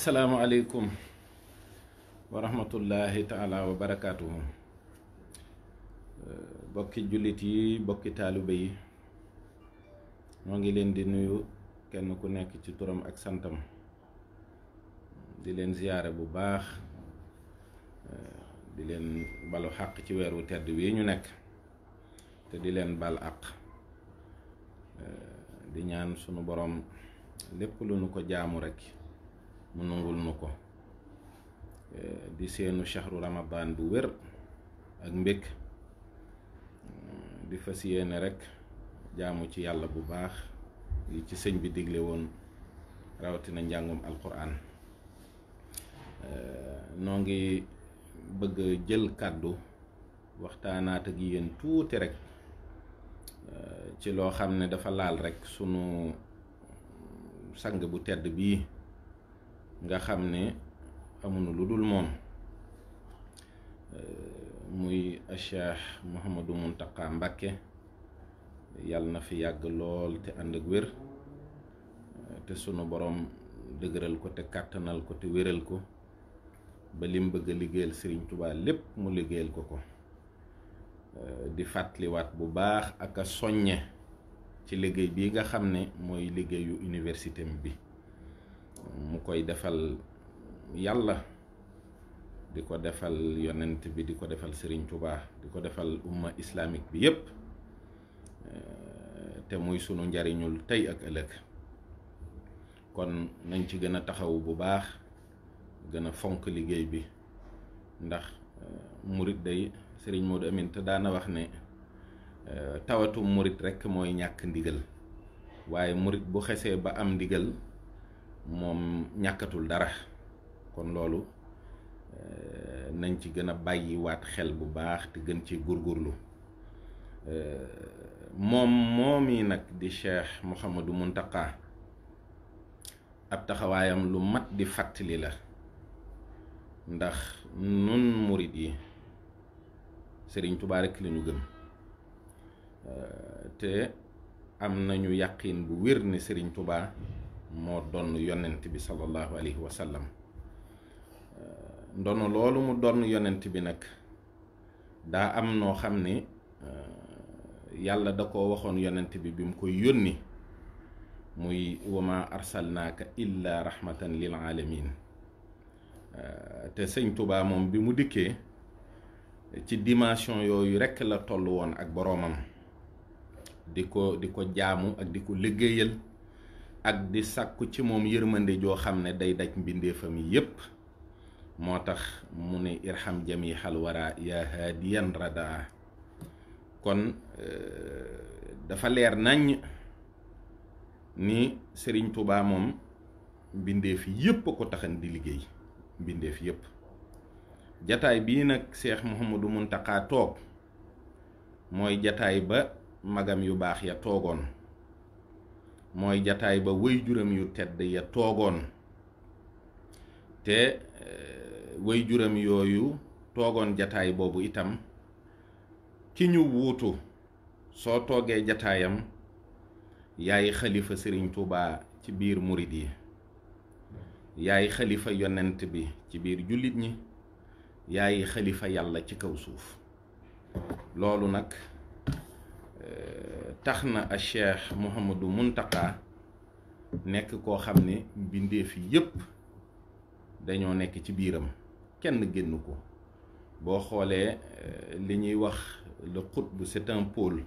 salaamaaleykum wa rahmatullahi taala wa barakaatuhu bokki jullit yi bokki taalibe yi moo ngi leen di nuyu kenn ku nekk ci turam ak santam di leen ziyaare bu baax di leen balu xàq ci weeru tedd wi ñu nekk te di leen bal àq di ñaan sunu boroom lépp lu nu ko jaamu rekk mu nangul nu ko eh, di seenu shahru ramadan bu wér ak mbég di fas yéene rekk jaamu ci yàlla bu baax yi ci sëñ bi digle woon rawatina njàngum alquran eh, noo ngi bëgg jël kàddu waxtaanaata ak yéen tuuti rek eh, ci loo xam ne dafa laal rekk sunu sang bu tedd bii nga xam ne amuna lu dul moom euh, muy Cheikh Mouhamadou Mountakha Mbacké yàlla na fi yàgg lool te ànd ak wér euh, te sunu boroom dëgëral ko te kàttanal ko te wéral ko ba lim bëgg a liggéeyal Serigne Touba lépp mu liggéeyal ko ko euh, di fàttaliwaat bu baax ak a soññe ci liggéey bii nga xam ne mooy liggéeyu université bi. mu koy defal yàlla di ko defal yonent bi di ko defal Serigne Touba di ko defal umma islamique bi yépp euh, te muy sunu njariñul tey ak ëllëg kon nañ ci gën a taxaw bu baax gën a fonk liggéey bi ndax euh, murit day sëriñ Modou Amine te daana wax ne euh, tawatu murit rekk mooy ñàkk ndigal waaye murit bu xesee ba am ndigal moom ñàkkatul dara kon loolu eh, nañ ci gën a bàyyiwaat xel bu baax te gën ci góorgóorlu eh, moom moomi nag di Cheikh Mouhamadou Mountakha ab taxawaayam lu mat di fàttali la ndax nun murit yi Sëriñ Tuubaa rekk lañu gën eh, te am nañu yàqin bu wér ne Sëriñ Tuubaa moo donn yonent bi sallallahu alayhi wa sallam euh, ndono loolu mu donn yonent bi nag daa am noo xam ni euh, yàlla da ko waxoon yonent bi bi mu koy yónni muy wama arsalnaaka illa rahmatan lil alamin euh, te sëñ Touba moom bi mu dikkee ci dimension yooyu rekk la toll woon ak boroomam di ko di ko jaamu ak di ko liggéeyal ak di sàkku ci moom yërmande joo xam ne day daj mbindeefam yi yépp moo tax mu ne irham jami xalwara yaa haadiyan radaa kon euh, dafa leer nàññ ni sëriñ Touba moom mbindeef yépp a ko taxan di liggéey mbindeef yépp jataay bii nag Cheikh Mouhamadou Mountakha toog mooy jataay ba magam yu baax ya toogoon mooy jataay ba way juram yu tedd ya toogoon te eh, way juram yooyu toogoon jataay boobu itam ki ñu wuutu soo toogee jataayam yaay xalifa sëriñ Tuubaa ci biir murit yi yaay xalifa yonent bi ci biir jullit ñi yaay xalifa yàlla ci kaw suuf loolu nag tax na a cheikh Mouhamadou Mountakha nekk koo xam ne mbindeef yépp dañoo nekk ci biiram kenn génn ko boo xoolee euh, li ñuy wax le qutb c'est un pôle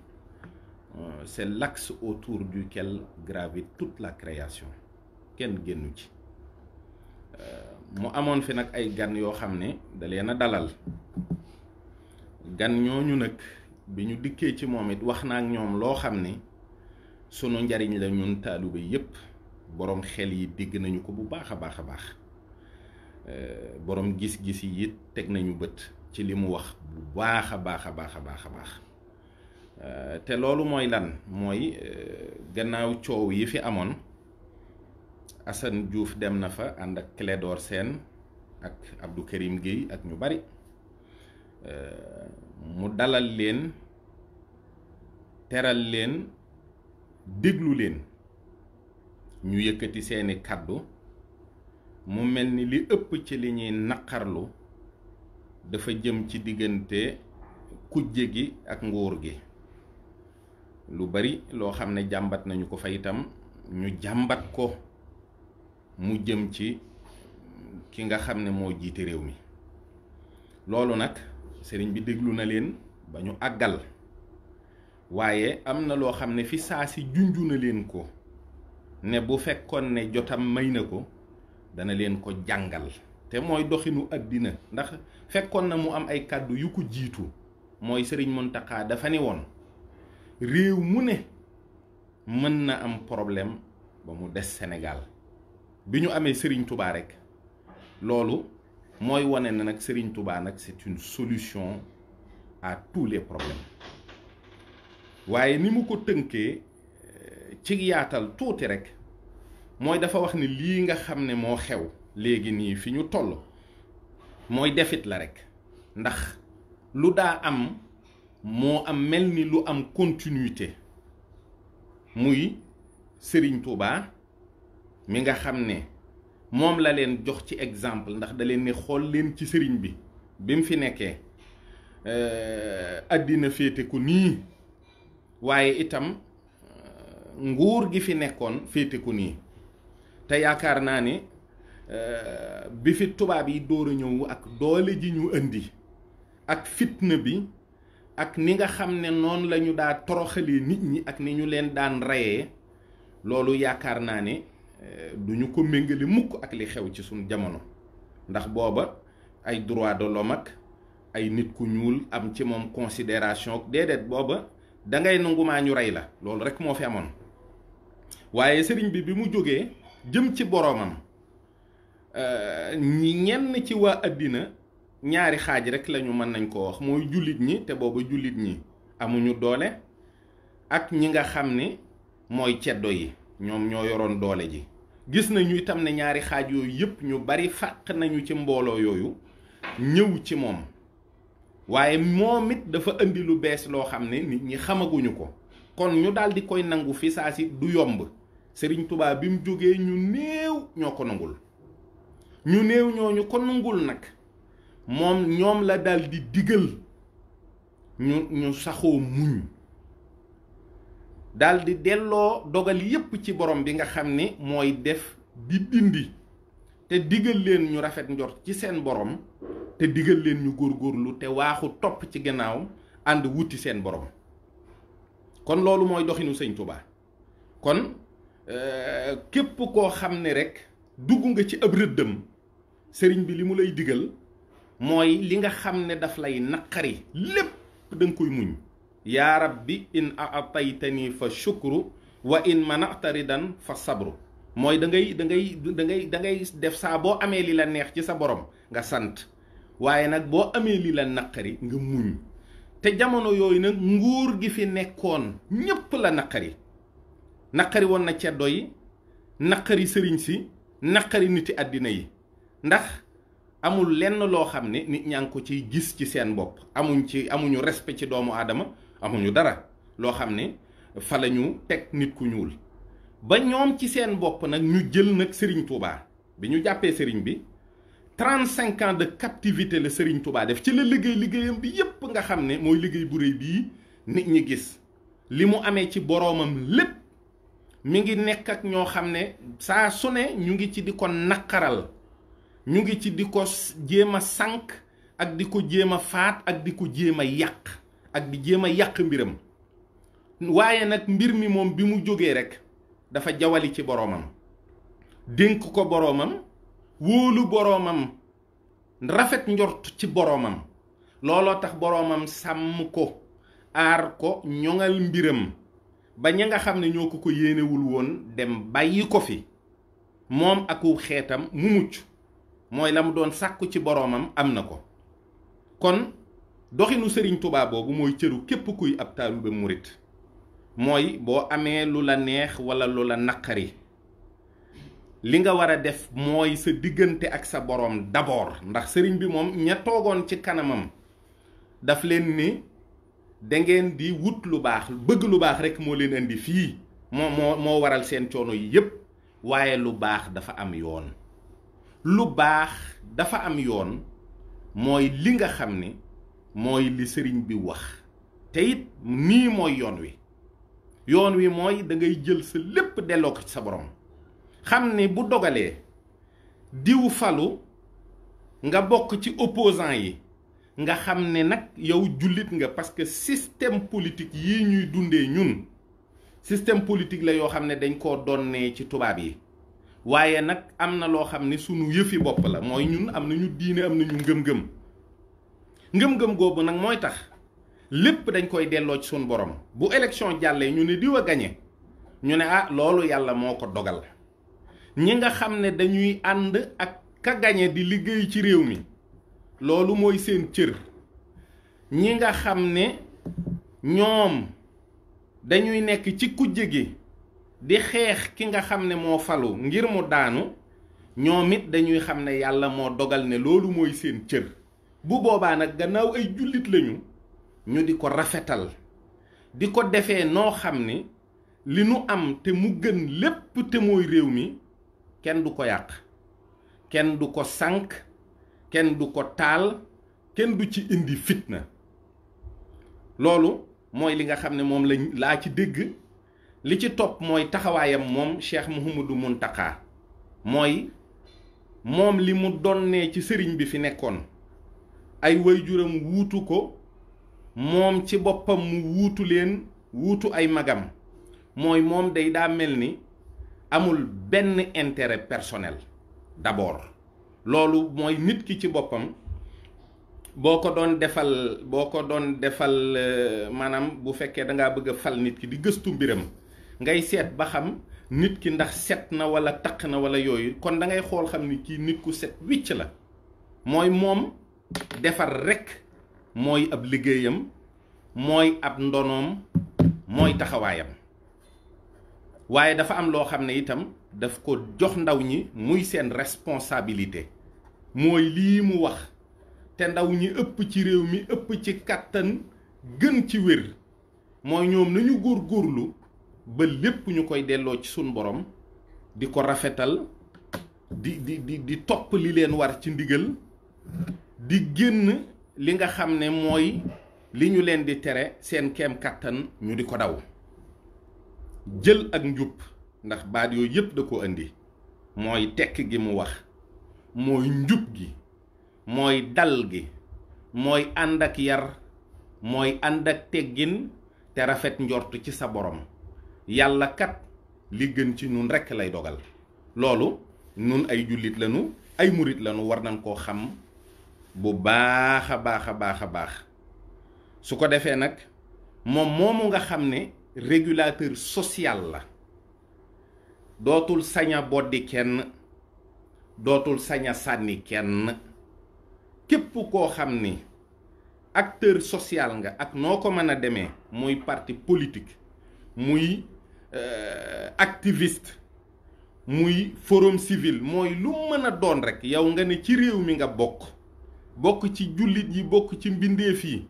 euh, c'est l'axe autour duquel gravite toute la création kenn génn ci euh, mu amoon fi nag ay gan yoo xam ne da leen a dalal gan ñooñu nag bi ñu dikkee ci moom it wax naa ak ñoom loo xam ni sunu njariñ la ñun taalibe yépp boroom xel yi digg nañu ko bu baax a baax a baax euh, boroom gis-gis yi it teg nañu bët ci li mu wax bu baax a baax a baax a baax a baax euh, te loolu mooy lan mooy euh, gannaaw coow yi fi amoon Assane Diouf dem na fa ànd ak Clédor seen ak Abdou Karim Guèye ak ñu bari mu dalal leen teral leen déglu leen ñu yëkkati seeni kàddu mu mel ni li ëpp ci li ñuy naqarlu dafa jëm ci diggante kujje gi ak nguur gi lu bari loo xam ne jàmbat nañu ko fa itam ñu jàmbat ko mu jëm ci ki nga xam ne moo jiite réew mi loolu nag sëriñ bi déglu na leen ba ñu àggal waaye am na loo xam ne fi saa si junju na leen ko ne bu fekkoon ne jotam may na ko dana leen ko jàngal te mooy doxinu àddina ndax fekkoon na mu am ay kàddu yu ko jiitu mooy sëriñ Mountakha dafa ne woon réew mu ne mën na am problème ba mu des Sénégal bi ñu amee sëriñ Touba rek loolu mooy wane na nag sëriñ Touba nag c'est une solution à tous les problèmes waaye ni mu ko tënkee eh, ci yaatal tuuti rek mooy dafa wax ni lii nga xam ne moo xew léegi nii fi ñu toll mooy defit la rek ndax lu daa am moo am mel ni lu am continuité muy sëriñ Touba mi nga xam ne moom la leen jox ci exemple ndax da leen ne xool leen ci sëriñ bi bi mu fi nekkee àddina eh, féete ko nii waaye itam euh, nguur gi fi nekkoon féeteku nii te yaakaar naa ni euh, bi fi tubaab yi door a ñëw ak doole ji ñu indi ak fitna bi ak ni nga xam ne noonu lañu ñu daa toroxalee nit ñi ak ni ñu leen daan reyee loolu yaakaar naa ne euh, du ñu ko méngale mukk ak li xew ci suñu jamono ndax booba ay droits de l'homme ay nit ku ñuul am ci moom considération déedéet booba da ngay nangu maa ñu rey la loolu rek moo fi amoon waaye sëriñ bi bi mu jógee jëm ci boroomam ñi euh, ñenn ci waa àddina ñaari xaaj rek lañu mën nañ ko wax mooy jullit ñi te booba jullit ñi amuñu doole ak ñi nga xam ni mooy ceddo yi ñoom ñoo yoroon doole ji gis nañu itam ne ñaari xaaj yooyu yëpp ñu bari fàq nañu ci mbooloo yooyu ñëw ci moom waaye moom it dafa indi lu bees loo xam ne nit ñi xamaguñu ko kon ñu daal di koy nangu fi saa si du yomb sëriñ tubaab bi mu jógee ñu néew ñoo ko nangul ñu néew ñu ko nangul nag moom ñoom la daldi di ñu ñu saxoo muñ daal delloo dogal yépp ci borom bi nga xam ne mooy def di dindi te digal leen ñu rafet njor ci seen boroom te digal leen ñu góor góorlu te waaxu topp ci gannaawam ànd wuti seen borom kon loolu mooy doxinu sëñ Touba kon euh, képp koo xam ne rek dugg nga ci ab rëddam sëriñ bi li mu lay digal mooy li nga xam ne daf lay naqari lépp da koy muñ yaa bi in ataytani fa shukru wa in manata dan fa sabru mooy dangay dangay da ngay da def saa boo amee li la neex ci sa borom nga sant waaye nag boo amee li la naqari nga muñ te jamono yooyu nag nguur gi fi nekkoon ñépp la naqari naqari woon na ceddo yi naqari sëriñ si naqari niti àddina yi ndax amul lenn loo xam ne nit ñaa ngi ko ciy gis ci seen bopp amuñ ci amuñu respect ci doomu aadama amuñu dara loo xam ne fa lañu teg nit ku ñuul ba ñoom ci seen bopp nag ñu jël nag sëriñ Touba bi ñu jàppee Serigne bi 35 ans de captivité la Serigne Touba def ci la liggéey liggéeyam bi yépp nga xam ne mooy liggéey bu réy bii nit ñi gis li mu amee ci boroomam lépp mi ngi nekk ak ñoo xam ne saa su ne ñu ngi ci di ko naqaral ñu ngi ci di ko jéem a sànq ak di ko jéem a faat ak di ko jéem a yàq ak di jéem a yàq mbiram waaye nag mbir mi moom bi mu jógee rek dafa jawali ci boroomam dénk ko boroomam wóolu boroomam rafet njort ci boroomam looloo tax boroomam sàmm ko aar ko ñoŋal mbiram ba ña nga xam ne ñoo ko ko yéenewul woon dem bàyyi ko fi moom aku xeetam mu mucc mooy la mu doon sàkku ci boroomam am na ko kon doxinu Sëriñ tubaab boobu mooy cëru képp kuy ab taalibe murit mooy boo amee lu la neex wala lu la naqari li nga war a def mooy sa diggante ak sa boroom d'abord ndax sëriñ bi moom ña toogoon ci kanamam daf leen ni da di wut lu baax bëgg lu baax rekk moo leen indi fii moo moo moo waral seen coono yi yépp waaye lu baax dafa am yoon lu baax dafa am yoon mooy li nga xam ni mooy li sëriñ bi wax te it nii mooy yoon wi yoon wi mooy da ngay jël sa lépp delloo ko sa borom xam ni bu dogalee diwu falu nga bokk ci opposant yi nga xam ne nag yow jullit nga parce que système politique yi ñuy dundee ñun système politique la yoo xam ne dañ koo donnee ci tubaab yi waaye nag am na loo xam ne sunu yëfi bopp la mooy ñun am nañu diine am nañu ngëm-ngëm ngëm-ngëm googu nag mooy tax lépp dañ koy delloo ci suñu borom bu élection jàllee ñu ne diw a gañe ñu ne ah loolu yàlla moo ko dogal ñi nga xam ne dañuy ànd ak ka gañe di liggéey ci réew mi loolu mooy seen cër ñi nga xam ne ñoom dañuy nekk ci kujje gi di xeex ki nga xam ne moo falu ngir mu daanu ñoom it dañuy xam ne yàlla moo dogal ne loolu mooy seen cër bu boobaa nag gannaaw ay jullit lañu ñu di ko rafetal di ko defee noo xam ni li nu am te mu gën lépp te mooy réew mi kenn du ko yàq kenn du ko sànk kenn du ko taal kenn du ci indi fitna loolu mooy li nga xam ne moom laa ci dégg li ci topp mooy taxawaayam moom Cheikh Mouhamadou Mountakha mooy moom li mu donnee ci sëriñ bi fi nekkoon ay waajuram wuutu ko moom ci boppam mu wuutu leen wuutu ay magam mooy moom day daa mel ni amul benn intérêt personnel d'abord loolu mooy nit ki ci boppam boo ko doon defal boo ko doon defal euh, maanaam bu fekkee da ngaa bëgg a fal nit ki di gëstu mbiram ngay seet ba xam nit ki ndax set na wala taq na wala yooyu kon da ngay xool xam ni kii nit ku set wicc la mooy moom defar rekk mooy ab liggéeyam mooy ab ndonoom mooy taxawaayam waaye dafa am loo xam ne itam daf ko jox ndaw ñi muy seen responsabilité mooy lii mu wax te ndaw ñi ëpp ci réew mi ëpp ci kàttan gën ci wér mooy ñoom nañu góorlu ba lépp ñu koy delloo ci suñu boroom di ko rafetal di di di di topp li leen war ci ndigal di génn li nga xam ne mooy li ñu leen di tere seen kem kàttan ñu di ko daw jël ak njub ndax baat yooyu yëpp da ko indi mooy tekk gi mu wax mooy njub gi mooy dal gi mooy ànd ak yar mooy ànd ak teggin te rafet njort ci sa borom yàlla kat li gën ci nun rekk lay dogal loolu nun ay jullit lañu ay murit lañu war nañ koo xam bu baax a baax a baax a baax su ko defee nag moom moomu nga xam ne régulateur social la dootul saña a boddi kenn dootul saña sànni kenn képp koo xam ni acteur social nga ak noo ko mën a demee muy parti politique muy euh, activiste muy forum civil mooy lu mën a doon rek yow nga ne ci réew mi nga bokk bokk ci jullit yi bokk ci mbindeef yi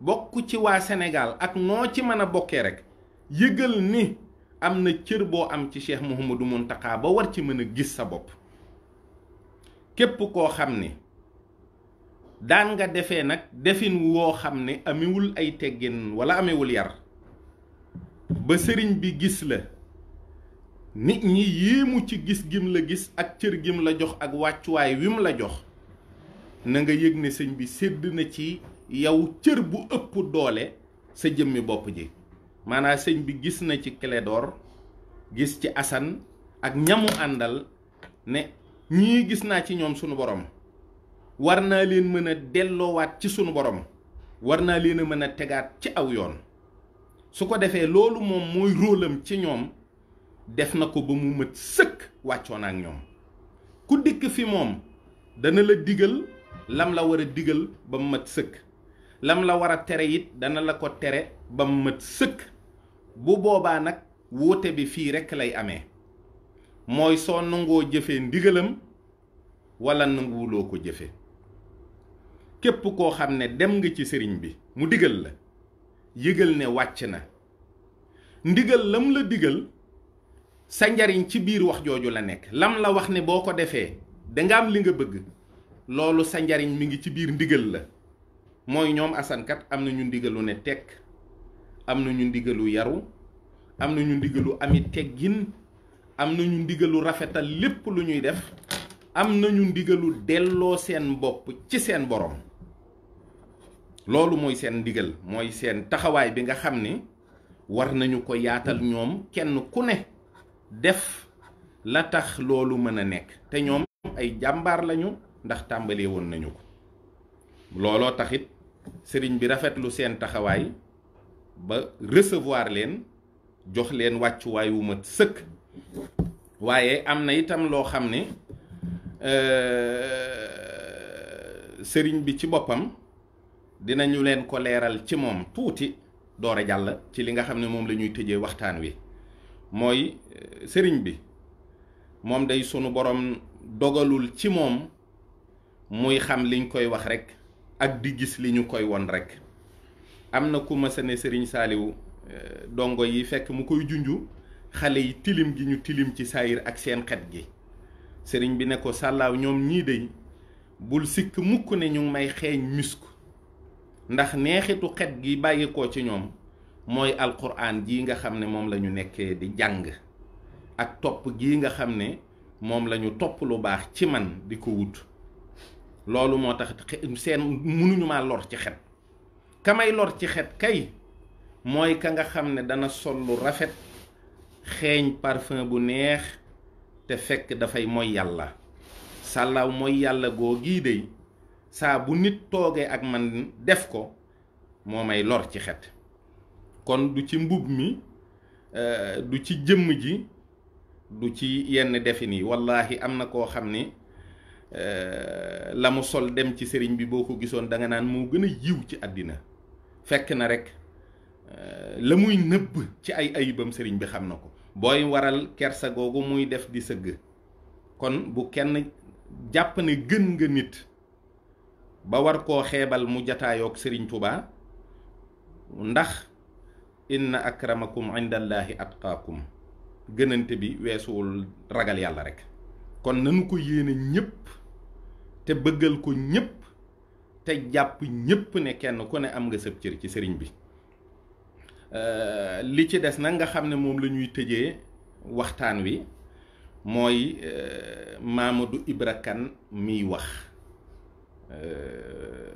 bokk ci waa Sénégal ak noo ci mën a bokkee rek yëgal ni am na cër boo am ci Cheikh Mouhamadou Mountakha ba war ci mën a gis sa bopp képp koo xam ni daan defe nag defin woo xam ne amewul ay teggin wala amewul yar ba sëriñ bi gis la nit ñi yéemu ci gis gim la gis ak cër gim la jox ak wàccuwaay wi mu la jox na nga yëg ne sëñ bi sédd na ci yow cër bu ëpp doole sa jëmmi bopp ji maanaa sëñ bi gis na ci Clédor gis ci Assane ak ñamu àndal ne ñii gis naa ci ñoom sunu borom war naa leen mën a delloowaat ci sunu borom war naa leen a mën a tegaat ci aw yoon su ko defee loolu moom mooy róolam ci ñoom def na ko ba mu mët sëkk wàccoon ak ñoom ku dikk fi moom dana la digal lam la war a digal ba mu mat sëkk lam la war a tere it dana la ko tere ba mu mat sëkk bu boobaa nag wuute bi fii rekk lay amee mooy soo nangoo jëfee ndigalam walla nanguwuloo ko jëfe képp koo xam ne dem nga ci sëriñ bi mu digal la yëgal ne wàcc na ndigal lam la digal sa njariñ ci biir wax jooju la nekk lam la wax ne boo ko defee danga am li nga bëgg loolu sa njariñ mi ngi ci biir ndigal la mooy ñoom asankat am na ñu ndigalu ne teg am na ñu ndigalu yaru am na ñu ndigalu ami teggin am na ñu ndigalu rafetal lépp lu ñuy def am na ñu ndigalu delloo seen bopp ci seen borom loolu mooy seen ndigal mooy seen taxawaay bi nga xam ni war nañu ko yaatal ñoom kenn ku ne def la tax loolu mën a nekk te ñoom ay jàmbaar lañu ndax tàmbalee woon nañu ko looloo taxit sëriñ bi rafetlu seen taxawaay ba recevoir leen jox leen wàccuwaay wu ma sëkk waaye am na itam loo xam ne euh, sëriñ bi ci boppam dinañu leen ko leeral ci moom tuuti doora jàll ci li nga xam ne moom la ñuy tëjee waxtaan wi mooy euh, sëriñ bi moom day sunu borom dogalul ci moom muy xam liñ koy wax rek ak di gis li ñu koy won rek am na ku mësa ne Serigne Saliou euh, dongo yi fekk mu koy junju xale yi tilim gi ñu tilim ci saayir ak seen xet gi sëriñ bi ne ko sàllaaw ñoom ñii dey bul sikk mukk ne ñu may xeeñ musk ndax neexitu xet gi bàyyi ko ci ñoom mooy alquran ji nga xam ne moom lañu nekkee di jàng ak topp gi nga xam ne moom lañu topp lu baax ci man di ko wut loolu moo tax seen mënuñu maa lor ci xet kamay lor ci xet kay mooy ka nga xam ne dana sol lu rafet xeeñ parfum bu neex te fekk dafay moy yàlla sàllaaw mooy yàlla goo gii dey saa bu nit toogee ak man def ko moo may lor ci xet kon du ci mbubb mi euh, du ci jëmm ji du ci yenn defin yi wallaahi am na koo xam ni Euh, la mu sol dem ci sëriñ bi boo ko gisoon da nga naan moo gën a yiw ci àddina fekk na rek euh, la muy nëbb ci ay ayibam sëriñ bi xam na ko booy waral kersa googu muy def di sëgg kon bu kenn jàpp ne gën nga nit ba war koo xeebal mu jataayoog sëriñ tubaa ndax inna akramakum indallahi atqaakum gënante bi weesuwul ragal yàlla rek kon nanu ko yéene ñëpp te bëggal ko ñëpp te jàpp ñëpp ne kenn ku ne am nga sëb cër ci sëriñ bi euh, li ci des nag nga xam ne moom la ñuy tëjee waxtaan wi mooy euh, Mamadou Ibra Kane miy wax euh,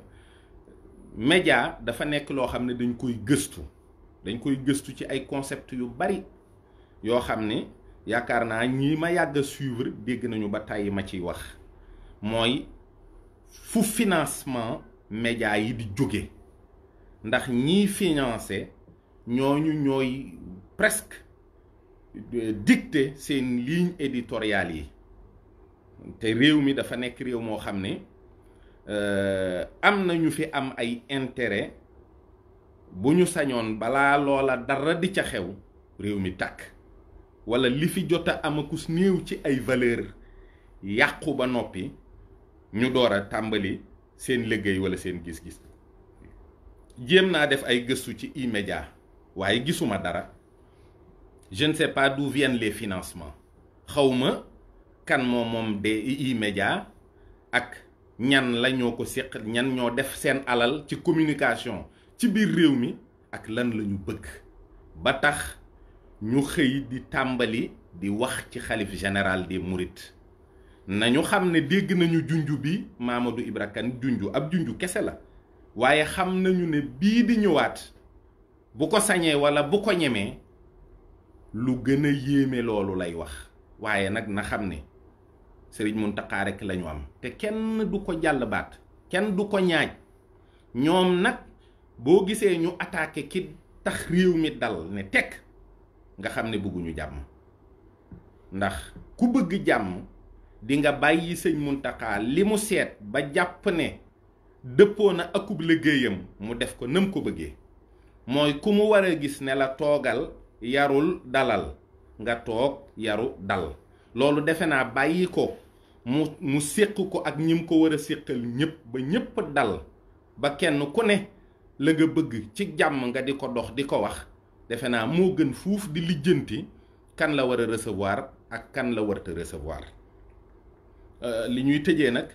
média dafa nekk loo xam ne dañ koy gëstu dañ koy gëstu ci ay concept yu bari yoo xam ne yaakaar naa ñi ma yàgg a suivre dégg nañu ba tàyyi ma ciy wax mooy fu financement média yi di jóge ndax ñiy financé ñooñu ñooy presque dicté seen ligne éditoriale yi te réew mi dafa nekk réew moo xam ne euh, am na ñu fi am ay intérêt bu ñu sañoon balaa loola dara di ca xew réew mi tàkk wala li fi jot a amakus ci ay valeur yàqu ba noppi ñu door a tàmbali seen liggéey wala seen gis-gis jéem naa def ay gëstu ci immédiat waaye gisuma dara je ne sais pas d'où viennent les financements xawma kan moo moom de immédiat ak ñan la ko séq ñan ñoo def seen alal ci communication ci biir réew mi ak lan lañu bëgg ba tax ñu xëy di tàmbali di wax ci xalif général des murit nañu xam ne dégg nañu junju bi Mamadou Ibra Kane junju ab junju kese la waaye xam nañu ne bii di ñëwaat bu ko sañee wala bu ko ñemee lu gën yéeme loolu lay wax waaye nag na xam ne Sëriñ Muntaxa rekk lañu am te kenn du ko jàll baat kenn du ko ñaaj ñoom nag boo gisee ñu attaqué ki tax réew mi dal ne tekk nga xam ne bëgguñu jàmm ndax ku bëgg jàmm di nga bàyyi sëñ Muntaxa li mu seet ba jàpp ne dëppoo na akub liggéeyam mu def ko nam ko bëggee mooy ku mu war a gis ne la toogal yarul dalal nga toog yaru dal loolu defe naa bàyyi ko mu mu siq ko ak ñim ko war a séqal ñëpp ba ñëpp dal ba kenn ku ne la nga bëgg ci jàmm nga di ko dox di ko wax defe naa moo gën fuuf di lijjanti kan la war a recevoir ak kan la warta recevoir euh, li ñuy tëjee nag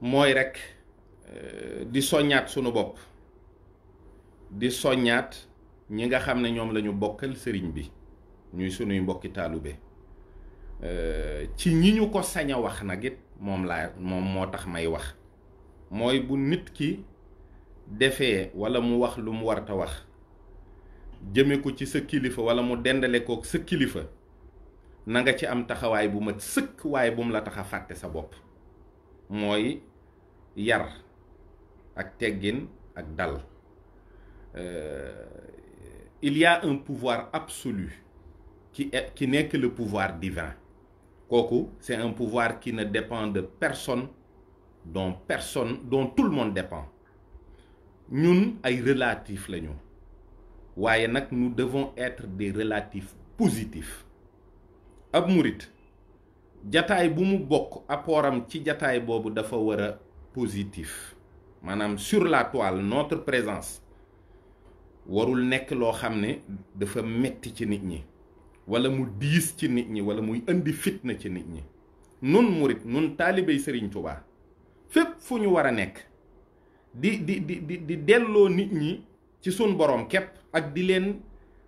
mooy rekk euh, di soññaat sunu bopp di soññaat ñi nga xam ne ñoom la ñu bokkal sëriñ bi ñuy sunuy mbokki taalube euh, ci ñi ñu ko sañ wax nag it moom laa moom moo tax may wax mooy bu nit ki defee walla mu wax lu mu warta wax jëme ko ci sa kilifa wala mu dendale kook sa kilifa na nga ci am taxawaay bu ma sëkk waaye bu mu la tax a fàtte sa bopp mooy yar ak teggin ak dal euh, il y un pouvoir absolu qui est qui n'est que pouvoir divin kooku c'est un pouvoir qui na dépend de personne dont personne dont tout le monde dépend ñun ay relatif lañu waaye nag nous devons être de relatifs positifs ab murit jataay bu mu bokk apportam ci jataay boobu dafa war a positif maanaam sur la toile notre présence warul nekk loo xam ne dafa metti ci nit ñi wala mu diis ci nit ñi wala muy indi fitna ci nit ñi nun murit nun taalibey Sëriñ Tuubaa fépp fu ñu war a nekk di di di di di delloo nit ñi ci sun boroom képp ak di leen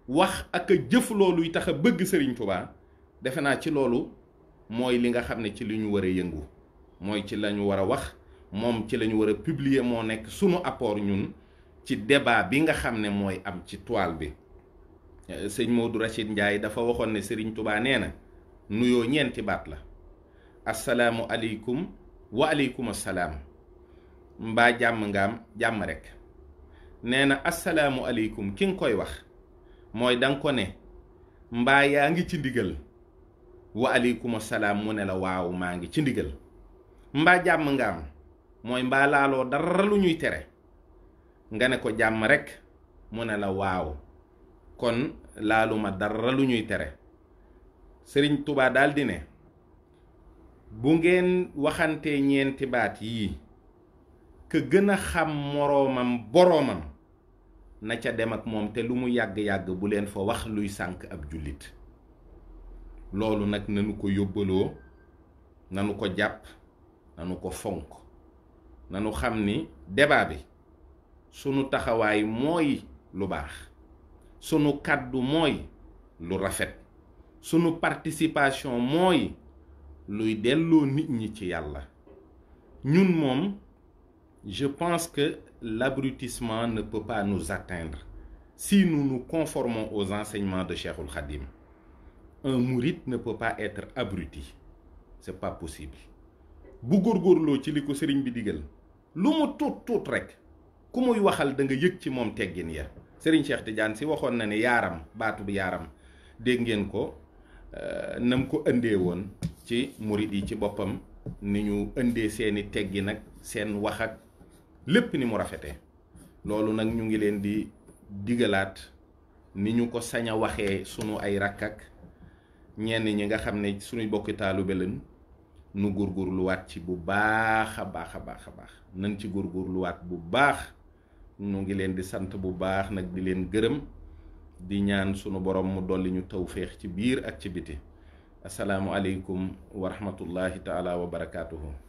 wax ak a jëf looluy tax a bëgg Serigne Touba defe naa ci loolu mooy li nga xam ne ci li ñu war a yëngu mooy ci lañu ñu war a wax moom ci lañu ñu war a publier moo nekk sunu apport ñun ci débat bi nga xam ne mooy am ci toile bi eh, sëñ Modou Rachid Ndiaye dafa waxoon ne Serigne Touba nee na nuyoo ñeenti baat la asalaamu aleykum wa aleykum asalaam mbaa jàmm ngaam jàmm rekk nee na assalaamu asalaamualeykum ki nga koy wax mooy da ko ne mbaa yaa ngi ci ndigal wa aleykum salaam mu ne la waaw maa ngi ci ndigal mbaa jàmm nga am mooy mbaa laaloo dara lu ñuy tere nga ne ko jàmm rekk mu ne la waaw kon laaluma dara lu ñuy tere sëriñ tubaa daldi ne bu ngeen waxantee ñeenti baat yi ka gën a xam moroomam boroomam na ca dem ak moom te lu mu yàgg-yàgg bu leen fa wax luy sànk ab jullit loolu nag nanu ko yóbbaloo nanu ko jàpp nanu ko fonk nanu xam ni débat bi sunu taxawaay mooy lu baax sunu kàddu mooy lu rafet sunu participation mooy luy delloo nit ñi ci yàlla ñun moom je pense que l'abrutissement ne peut pas nous atteindre si nu conforme conformons aux enseignements de Cheikhul Khadim. Un mouride ne peut pas être abruti. C'est pas possible. bu góorgóorloo ci li ko sëriñ bi digal lu mu tuut tuut rek ku muy waxal danga nga yëg ci moom teggin ya sëriñ Cheikh Tidiane si waxoon na ne yaaram baatu bu yaaram dégg ngeen ko euh, nam ko indee woon ci murid yi ci boppam ni ñu indee seeni teggi nag seen wax ak lépp ni mu rafete loolu nag ñu ngi leen di digalaat ni ñu ko sañ a waxee sunu ay rakk ak ñenn ñi nga xam ne sunuy bokki taalube lañ nu góorgóorluwaat ci bu baax a baax a baax a baax nañ ci góorgóorluwaat bu baax ñu ngi leen di sant bu baax nag di leen gërëm di ñaan sunu borom mu dolli ñu féex ci biir ak ci biti asalaamualeykum wa rahmatullahi taala wa barakaatuhu.